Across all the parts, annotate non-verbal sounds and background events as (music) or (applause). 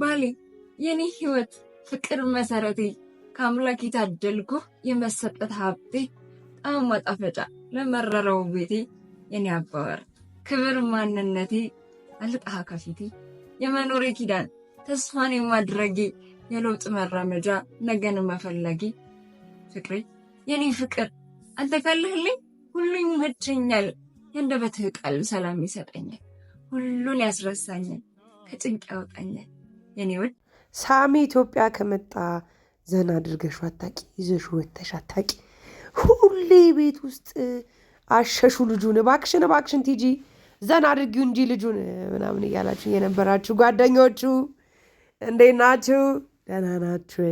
ባሌ፣ የኔ ህይወት፣ ፍቅር፣ መሰረቴ፣ ከአምላክ የታደልኩ የመሰጠት ሀብቴ፣ ጣም ማጣፈጫ ለመረረው ቤቴ፣ የኔ አባወር፣ ክብር፣ ማንነቴ፣ አልጣሃ ከፊቴ፣ የመኖሬ ኪዳን፣ ተስፋን የማድረጌ፣ የለውጥ መራመጃ፣ ነገን መፈለጌ፣ ፍቅሬ፣ የኔ ፍቅር፣ አንተ ካለህልኝ ሁሉ ይመቸኛል። የአንደበትህ ቃል ሰላም ይሰጠኛል፣ ሁሉን ያስረሳኛል፣ ከጭንቅ ያወጣኛል። የኔዎች ሳሚ ኢትዮጵያ ከመጣ ዘና አድርገሽ አታቂ፣ ይዘሽ ወተሽ አታቂ። ሁሌ ቤት ውስጥ አሸሹ ልጁን፣ እባክሽን እባክሽን ቲጂ ዘና አድርጊው እንጂ ልጁን ምናምን እያላችሁ የነበራችሁ ጓደኞቹ እንዴት ናችሁ? ደህና ናችሁ?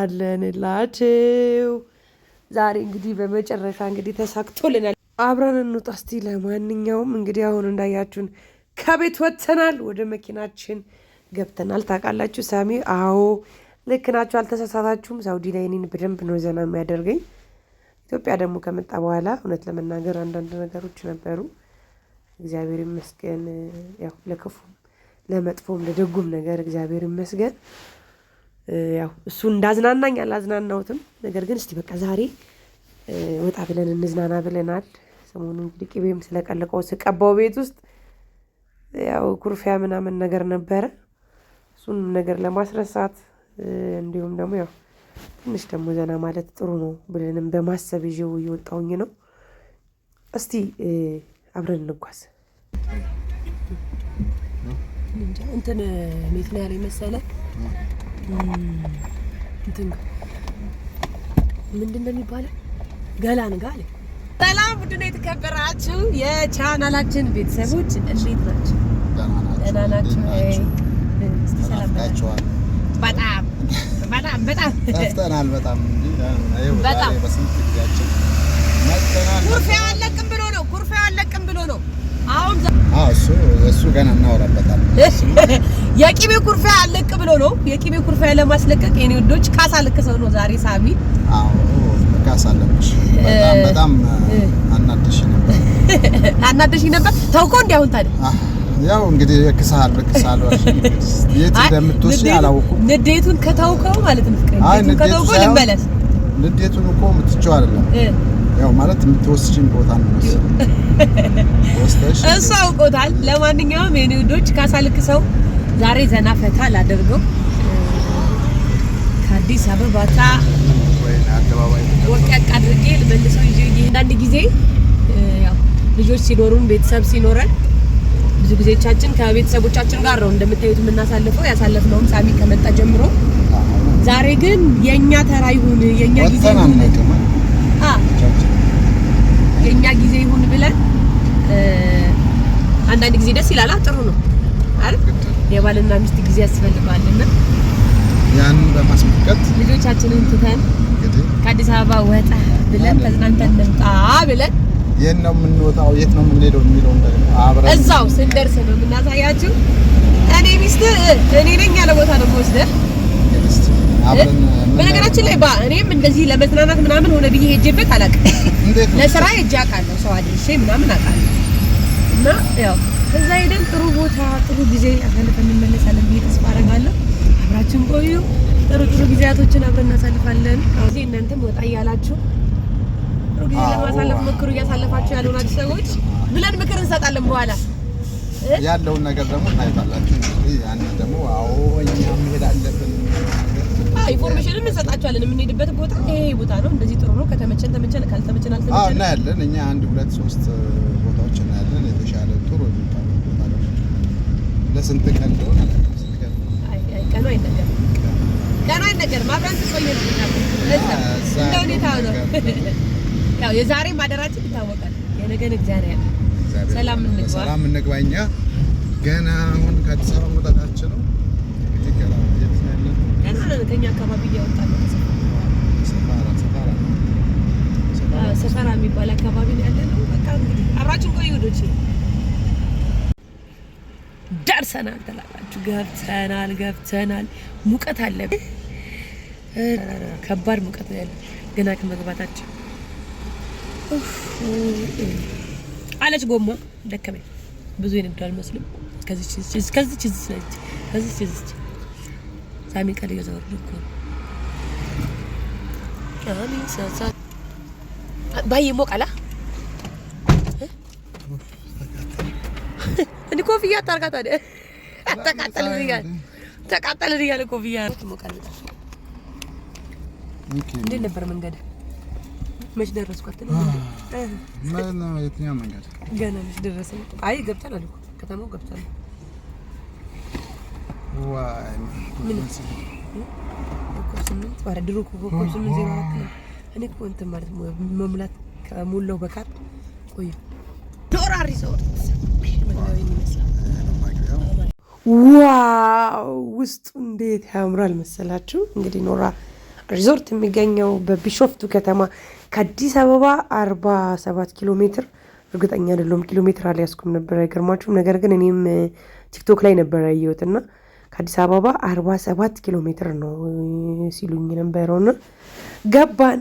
አለንላችሁ። ዛሬ እንግዲህ በመጨረሻ እንግዲህ ተሳክቶልናል። አብረን እንውጣ እስቲ። ለማንኛውም እንግዲህ አሁን እንዳያችሁን ከቤት ወጥተናል ወደ መኪናችን ገብተናል። ታውቃላችሁ ሳሚ፣ አዎ ልክ ናችሁ፣ አልተሳሳታችሁም። ሳውዲ ላይ እኔን በደንብ ነው ዘና የሚያደርገኝ። ኢትዮጵያ ደግሞ ከመጣ በኋላ እውነት ለመናገር አንዳንድ ነገሮች ነበሩ። እግዚአብሔር ይመስገን፣ ያው ለክፉም ለመጥፎም ለደጉም ነገር እግዚአብሔር ይመስገን። ያው እሱ እንዳዝናናኝ አላዝናናውትም። ነገር ግን እስቲ በቃ ዛሬ ወጣ ብለን እንዝናና ብለናል። ሰሞኑን እንግዲህ ቅቤም ስለቀልቀው ስቀባው ቤት ውስጥ ያው ኩርፊያ ምናምን ነገር ነበረ። እሱን ነገር ለማስረሳት እንዲሁም ደግሞ ያው ትንሽ ደግሞ ዘና ማለት ጥሩ ነው ብለንም በማሰብ ይዤው እየወጣውኝ ነው። እስቲ አብረን እንጓዝ። እንትን ቤት ነው ያለኝ መሰለህ እንትን ምንድን ነው የሚባለው ገላን ጋር አለ። ሰላም ቡድን የተከበራችሁ የቻናላችን ቤተሰቦች እንዴት ናቸው? ደህና ናቸው። ናፍቃችኋል። በጣም በጣም በጣም ናፍቀናል። በጣም በጣም በስንት ጊዜያችን መጥተናል። ኩርፊያው አለቅም ብሎ ነው። ኩርፊያው አለቅም ብሎ ነው። አሁን እሱ እሱ ገና እናወራበታለን። (laughs) የቂቤ ኩርፊያ አለቅ ብሎ ነው። የቂቤ ኩርፊያ ለማስለቀቅ የኔ ውዶች ካሳ ልክሰው ነው ዛሬ ሳሚ። አዎ ካሳ አለቅሽ። በጣም በጣም አናደሽ ነበር፣ (laughs) አናደሽ ነበር። ተውኮ እንዲያሁን ታዲያ ያው እንግዲህ እክስሀለሁ እክስሀለሁ (laughs) የት እንደምትወስድ አላወኩም። ንዴቱን ከተውከው ማለት ነው። ንዴቱን ከተውከው ልመለስ። ንዴቱን እኮ የምትችው አይደለም። ያው ማለት የምትወስጂን ቦታ ነው ወስደሽ (laughs) እሱ አውቆታል። ለማንኛውም የኔ ውዶች ካሳልክሰው ዛሬ ዘና ፈታ ላደርገው ከአዲስ አበባ ታ ወቀቅ አድርጌ ልመልሰው። አንዳንድ ጊዜ ያው ልጆች ሲኖሩን ቤተሰብ ሲኖረን ብዙ ጊዜቻችን ከቤተሰቦቻችን ጋር ነው እንደምታዩት የምናሳልፈው። ያሳለፍነውም ሳሚ ከመጣ ጀምሮ ዛሬ ግን የኛ ተራ ይሁን የኛ ጊዜ ይሁን የኛ ጊዜ ይሁን ብለን አንዳንድ ጊዜ ደስ ይላል። ጥሩ ነው አይደል? የባልና ሚስት ጊዜ ያስፈልገዋልና ያን በማስመልከት ልጆቻችንን ትተን ከአዲስ አበባ ወጣ ብለን ተዝናንተን እንምጣ ብለን የት ነው የምንወጣው፣ የት ነው የምንሄደው የሚለው አብረን እዛው ስንደርስ ነው የምናሳያችሁ። እኔ ሚስት እኔ ነኝ ያለ ቦታ ነው የምወስደህ። በነገራችን ላይ ባ እኔም እንደዚህ ለመዝናናት ምናምን ሆነ ብዬ ሄጄበት አላውቅም። ለስራ ሄጄ አውቃለሁ፣ ሰው አድርሼ ምናምን አውቃለሁ። እና ያው እዛ ሄደን ጥሩ ቦታ ጥሩ ጊዜ አሳልፈን እንመለሳለን ብዬ ተስፋ አደርጋለሁ። አብራችን ቆዩ። ጥሩ ጥሩ ጊዜያቶችን አብረን እናሳልፋለን። እዚህ እናንተም ወጣ እያላችሁ ጥሩ ጊዜ ለማሳለፍ ሞክሩ፣ እያሳለፋችሁ ያልሆናችሁ ሰዎች ብለን ምክር እንሰጣለን። በኋላ ያለውን ነገር ደግሞ ታይታላችሁ። ያንን ኢንፎርሜሽንም እንሰጣቸዋለን። የምንሄድበት ቦታ ይሄ ቦታ ነው፣ እንደዚህ ጥሩ ነው፣ ከተመቸን ተመቸን፣ ካልተመቸን አልተመቸን እናያለን። እኛ አንድ ሁለት ሶስት ቦታዎች እናያለን። የተሻለ ጥሩ የሚባሉ ቦታ ለስንት ቀን እንደሆነ ቀኑ አይነገርም፣ ቀኑ አይነገርም። አብረን ስቆይ ነው እዛ እንደ ሁኔታ ነው። ያው የዛሬ ማደራችን ይታወቃል። የነገን እግዚአብሔር ሰላም እንግባ ሰላም እንግባ። እኛ ገና አሁን ከአዲስ አበባ መውጣታችን ነው። ሰፈራ የሚባል አካባቢ ነው ደርሰናል ትላላችሁ። ገብተናል ገብተናል። ሙቀት አለ፣ ከባድ ሙቀት ነው ገና ከመግባታችን አለች ጎሞ ደከመኝ። ብዙ የንግድ አልመስልም። ከዚች ከዚች ዝች ከዚች ዝች ሳሚ ቃል እየተወረደ እኮ ባዬ ሞቃላ እንዲ ኮፍያ አታርጋ ታዲያ ተቃጠልን እያለ ኮፍያ ሞቃል። እንዴት ነበር መንገድ? መች ደረስኩ አትልም? የትኛው መንገድ ገና መች ደረስን? አይ ገብተን አልኩ ከተማው ገብተን ድሮ ኮከብ ስምንት ዜሮ አራት ነው። እኔ እኮ እንትን ማለት መሙላት ከሞላው በካርድ ቆዩ ዶራ ሪዞርት ዋው! ውስጡ እንዴት ያምራል መሰላችሁ? እንግዲህ ኖራ ሪዞርት የሚገኘው በቢሾፍቱ ከተማ ከአዲስ አበባ አርባ ሰባት ኪሎ ሜትር እርግጠኛ አይደለሁም። ኪሎ ሜትር አልያዝኩም ነበር፣ አይገርማችሁም? ነገር ግን እኔም ቲክቶክ ላይ ነበር ያየሁት እና ከአዲስ አበባ አርባ ሰባት ኪሎ ሜትር ነው ሲሉኝ ነበረውና ገባን።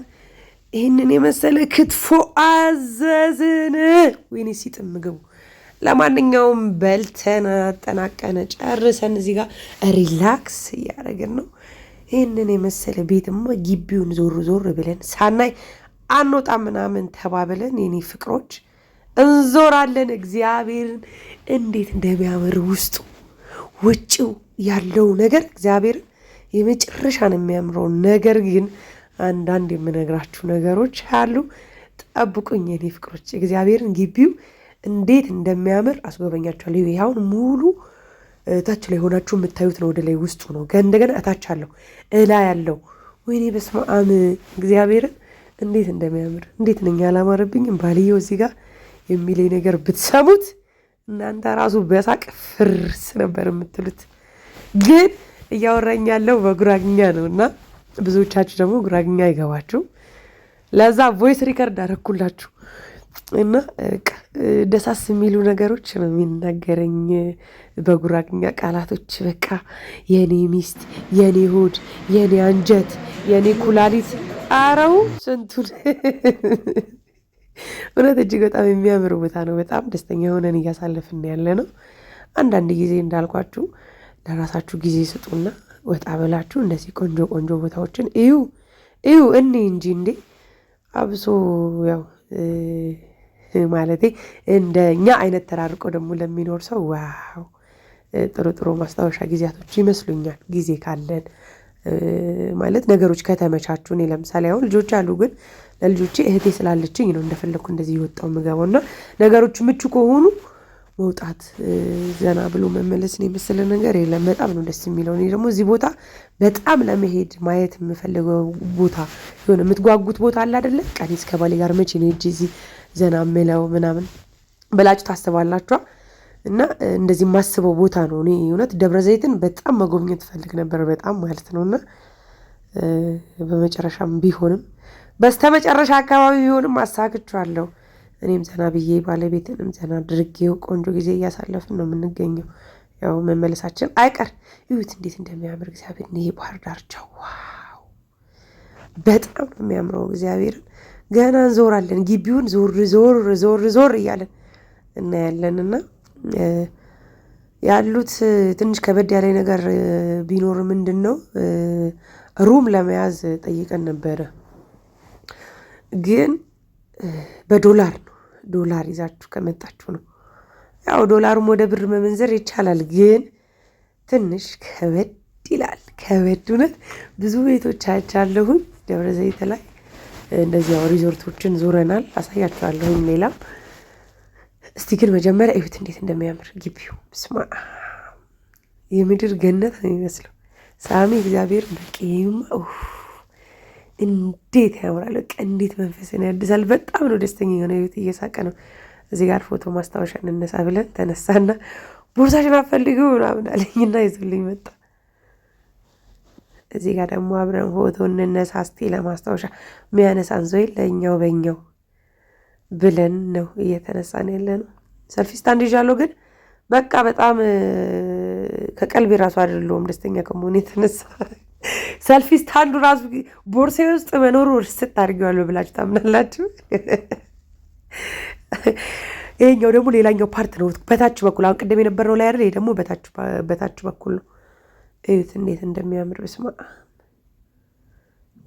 ይህንን የመሰለ ክትፎ አዘዝን። ወይኔ ሲጥም ምግቡ። ለማንኛውም በልተን አጠናቀነ ጨርሰን እዚህ ጋር ሪላክስ እያደረግን ነው። ይህንን የመሰለ ቤትማ ግቢውን ዞር ዞር ብለን ሳናይ አንወጣ ምናምን ተባብለን የኔ ፍቅሮች እንዞራለን። እግዚአብሔርን እንዴት እንደሚያምር ውስጡ ውጭው ያለው ነገር እግዚአብሔርን የመጨረሻ ነው የሚያምረው። ነገር ግን አንዳንድ የምነግራችሁ ነገሮች አሉ። ጠብቁኝ የኔ ፍቅሮች። እግዚአብሔርን ግቢው እንዴት እንደሚያምር አስጎበኛችኋለሁ። ይኸውን ሙሉ ታች ላይ ሆናችሁ የምታዩት ነው። ወደ ላይ ውስጡ ነው። እንደገና እታች አለው እላ ያለው ወይኔ በስመ አብ እግዚአብሔርን እንዴት እንደሚያምር እንዴት ነኝ አላማረብኝም። ባልየው እዚህ ጋር የሚለኝ ነገር ብትሰሙት እናንተ ራሱ በሳቅ ፍርስ ነበር የምትሉት። ግን እያወራኝ ያለው በጉራግኛ ነው እና ብዙዎቻችሁ ደግሞ ጉራግኛ አይገባችሁ። ለዛ ቮይስ ሪከርድ አረኩላችሁ። እና ደሳስ የሚሉ ነገሮች ነው የሚናገረኝ በጉራግኛ ቃላቶች። በቃ የኔ ሚስት፣ የኔ ሆድ፣ የኔ አንጀት፣ የኔ ኩላሊት፣ አረው ስንቱን (laughs) እውነት እጅግ በጣም የሚያምር ቦታ ነው። በጣም ደስተኛ ሆነን እያሳለፍን ያለ ነው። አንዳንድ ጊዜ እንዳልኳችሁ ለራሳችሁ ጊዜ ስጡና ወጣ ብላችሁ እንደዚህ ቆንጆ ቆንጆ ቦታዎችን እዩ እዩ እኔ እንጂ እንዴ አብሶ ያው ማለቴ እንደኛ አይነት ተራርቆ ደግሞ ለሚኖር ሰው ዋው ጥሩ ጥሩ ማስታወሻ ጊዜያቶች ይመስሉኛል። ጊዜ ካለን ማለት ነገሮች ከተመቻቹ። እኔ ለምሳሌ አሁን ልጆች አሉ፣ ግን ለልጆቼ እህቴ ስላለችኝ ነው እንደፈለግኩ እንደዚህ የወጣው ምገባው እና ነገሮች ምቹ ከሆኑ መውጣት ዘና ብሎ መመለስን የመሰለ ነገር የለም። በጣም ነው ደስ የሚለው። እኔ ደግሞ እዚህ ቦታ በጣም ለመሄድ ማየት የምፈልገው ቦታ የሆነ የምትጓጉት ቦታ አለ አይደለ? ቀኔ እስከ ባሌ ጋር መቼ ነው ሄጄ እዚህ ዘና ምለው ምናምን ብላችሁ ታስባላችኋ። እና እንደዚህ የማስበው ቦታ ነው። እኔ እውነት ደብረ ዘይትን በጣም መጎብኘት ፈልግ ነበር፣ በጣም ማለት ነው። እና በመጨረሻም ቢሆንም በስተመጨረሻ አካባቢ ቢሆንም አሳክቼዋለሁ። እኔም ዘና ብዬ ባለቤትንም ዘና አድርጌው ቆንጆ ጊዜ እያሳለፍን ነው የምንገኘው። ያው መመለሳችን አይቀር። ዩት እንዴት እንደሚያምር እግዚአብሔር! ይሄ ባህር ዳርቻው ዋው፣ በጣም ነው የሚያምረው። እግዚአብሔርን ገና እንዞራለን፣ ግቢውን ዞር ዞር ዞር ዞር እያለን እናያለን። እና ያሉት ትንሽ ከበድ ያለ ነገር ቢኖር ምንድን ነው ሩም ለመያዝ ጠይቀን ነበረ ግን በዶላር ነው ዶላር ይዛችሁ ከመጣችሁ ነው። ያው ዶላሩም ወደ ብር መመንዘር ይቻላል፣ ግን ትንሽ ከበድ ይላል። ከበድ እውነት ብዙ ቤቶች አይቻለሁኝ ደብረ ዘይት ላይ እንደዚህ ያው ሪዞርቶችን ዞረናል፣ አሳያችኋለሁኝ። ሌላም እስቲ ግን መጀመሪያ እዩት እንዴት እንደሚያምር ግቢው። ስማ የምድር ገነት ነው የሚመስለው። ሳሚ እግዚአብሔር በቂማ እንዴት ያወራል! በቃ እንዴት መንፈስን ያድሳል። በጣም ነው ደስተኛ የሆነ ህይወት እየሳቀ ነው። እዚህ ጋር ፎቶ ማስታወሻ እንነሳ ብለን ተነሳና ቦርሳሽን አፈልጊ ምናምን አለኝና ይዞልኝ መጣ። እዚህ ጋር ደግሞ አብረን ፎቶ እንነሳ እስቲ ለማስታወሻ ሚያነሳ ሰው ለእኛው በኛው ብለን ነው እየተነሳን ያለ ነው። ሰልፊ ስታንድ ይዣለሁ ግን በቃ በጣም ከቀልቤ ራሱ አይደለሁም ደስተኛ ከመሆን የተነሳ ሰልፊ አንዱ ራሱ ቦርሴ ውስጥ መኖሩ ርስት አድርጌዋለሁ ብላችሁ ታምናላችሁ። ይሄኛው ደግሞ ሌላኛው ፓርት ነው። በታች በኩል አሁን ቅድም የነበረው ላይ አይደል? ይሄ ደግሞ በታች በኩል ነው። እዩት እንዴት እንደሚያምር ብስማ።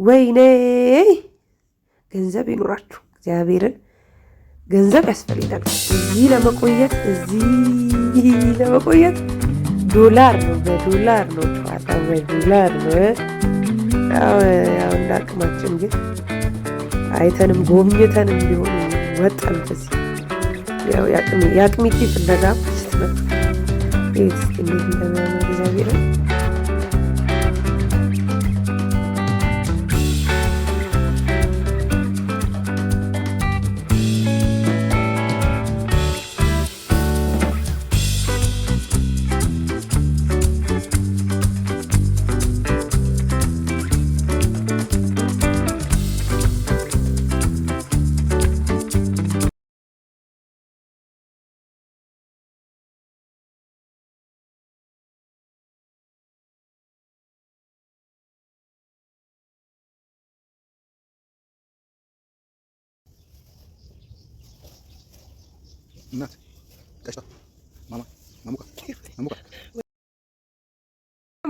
ወይኔ ገንዘብ ይኖራችሁ እግዚአብሔርን ገንዘብ ያስፈልጋል። እዚህ ለመቆየት እዚህ ለመቆየት ዶላር ነው፣ በዶላር ነው ጨዋታው፣ በዶላር ነው። ያው እንደ አቅማችን ግን አይተንም ጎብኝተንም ቢሆን ወጣን። በዚህ ያው የአቅሚቲ ፍለጋ ስትመጣ ቤት እንዴት እንደሚያምር እግዚአብሔር እናት ቀጭታ ማማ ማሙቃ ማሙቃ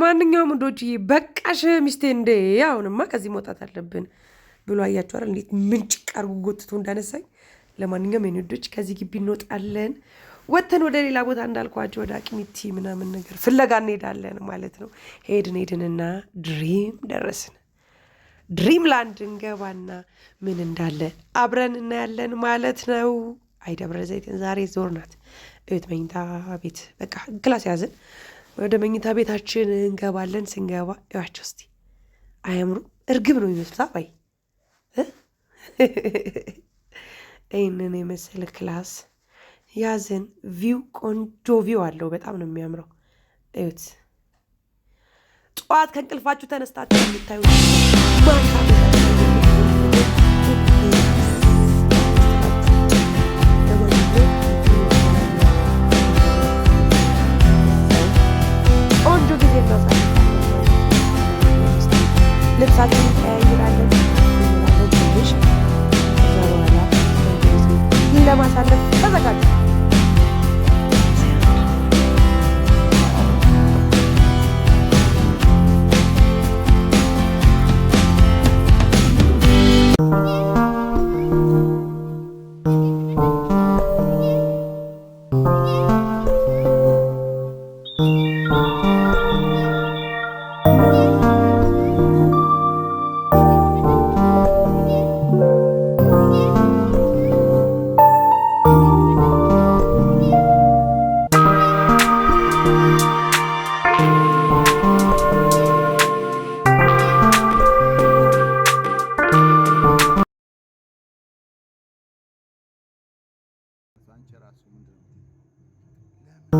ማንኛውም ወንዶችዬ በቃሽ ሚስቴ እንደ አሁንማ ከዚህ መውጣት አለብን ብሎ አያቸኋል። እንዴት ምንጭ አድርጎ ጎትቶ እንዳነሳኝ። ለማንኛውም የኔ ከዚህ ግቢ እንወጣለን። ወተን ወደ ሌላ ቦታ እንዳልኳቸው ወደ አቅሚቲ ምናምን ነገር ፍለጋ እንሄዳለን ማለት ነው። ሄድን ሄድንና ድሪም ደረስን። ድሪም ላንድ እንገባና ምን እንዳለ አብረን እናያለን ማለት ነው። አይደብረ ዘይትን ዛሬ ዞር ናት እቤት መኝታ ቤት በቃ ግላስ ያዝን። ወደ መኝታ ቤታችን እንገባለን። ስንገባ እባቸው እስቲ አያምሩ እርግብ ነው ይመስሉታ ወይ ይህንን የመሰለ ክላስ ያዝን። ቪው ቆንጆ ቪው አለው። በጣም ነው የሚያምረው። እዩት። ጠዋት ከእንቅልፋችሁ ተነስታችሁ የሚታዩት እንዴት ማሳለፍ ልብሳችን ለማሳለፍ you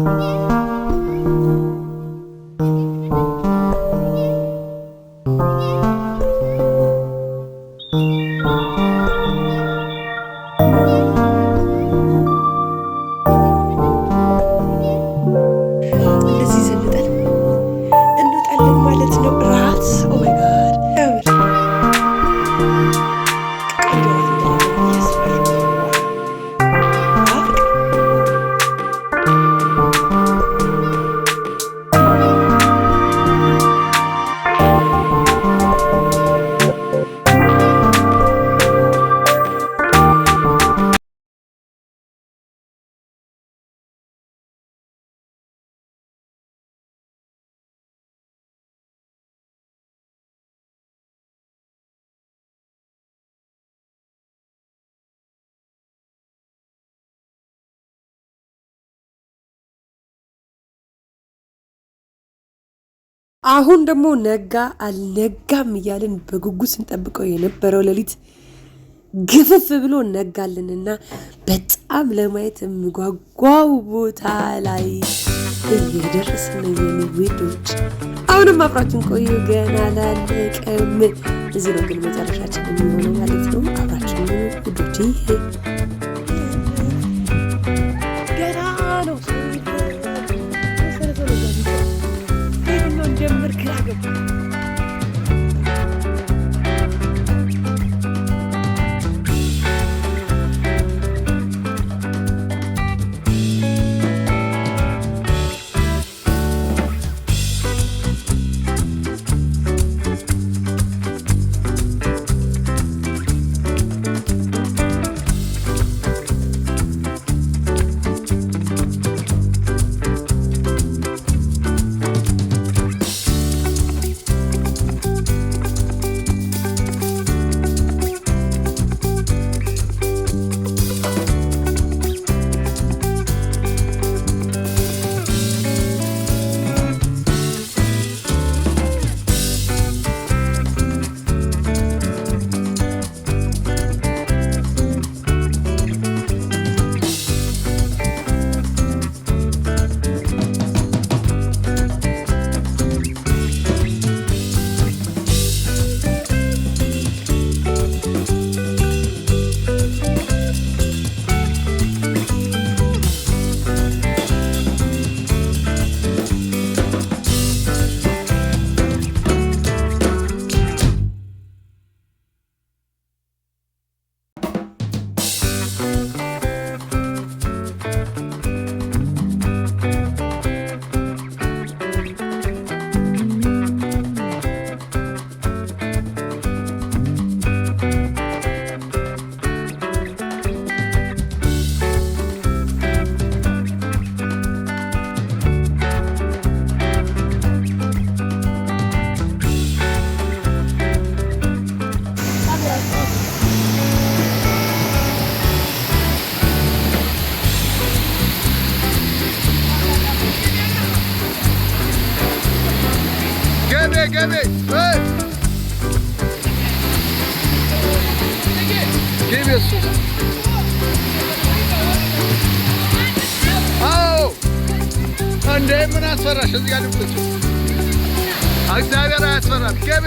oh. አሁን ደግሞ ነጋ አልነጋም እያልን በጉጉት ስንጠብቀው የነበረው ሌሊት ግፍፍ ብሎ ነጋልንና በጣም ለማየት የምጓጓው ቦታ ላይ እየደረስን ነው የሚወዶች። አሁንም አብራችን ቆዩ፣ ገና ላለቀም። እዚህ ነው ግን መጨረሻችን የሚሆነው ማለት ነው። አብራችን ውዶች you. Gimmick, hey! Geliyorsun. እንደምን አስፈራሽ? እዚህ ጋር ልብሎች እግዚአብሔር አያስፈራም። ገቤ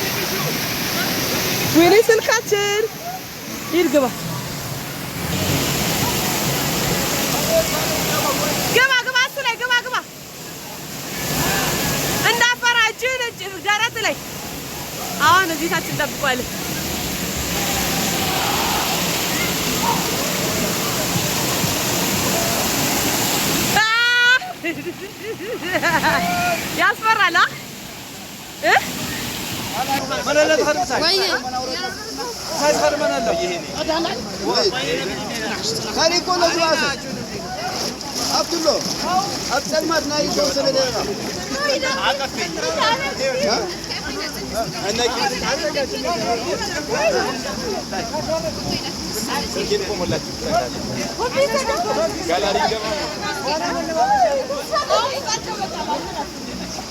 ወይኔ ስልካችን ሂድ ግባ ግባ እሱ ላይ ግባ ግባ እንዳፈራ እጅህን እጅ ደረት ላይ አሁን እዚህ ታችን ጋላሪ ገባ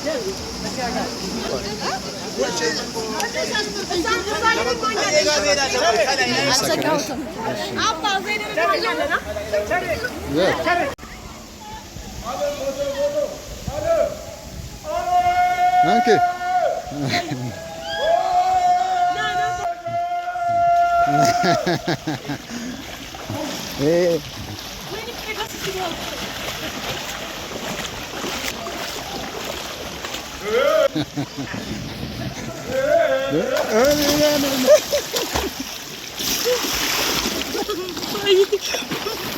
Abla Zeynep'i göreceksin lan. (laughs) Danke. Ee, hey. Ay, ano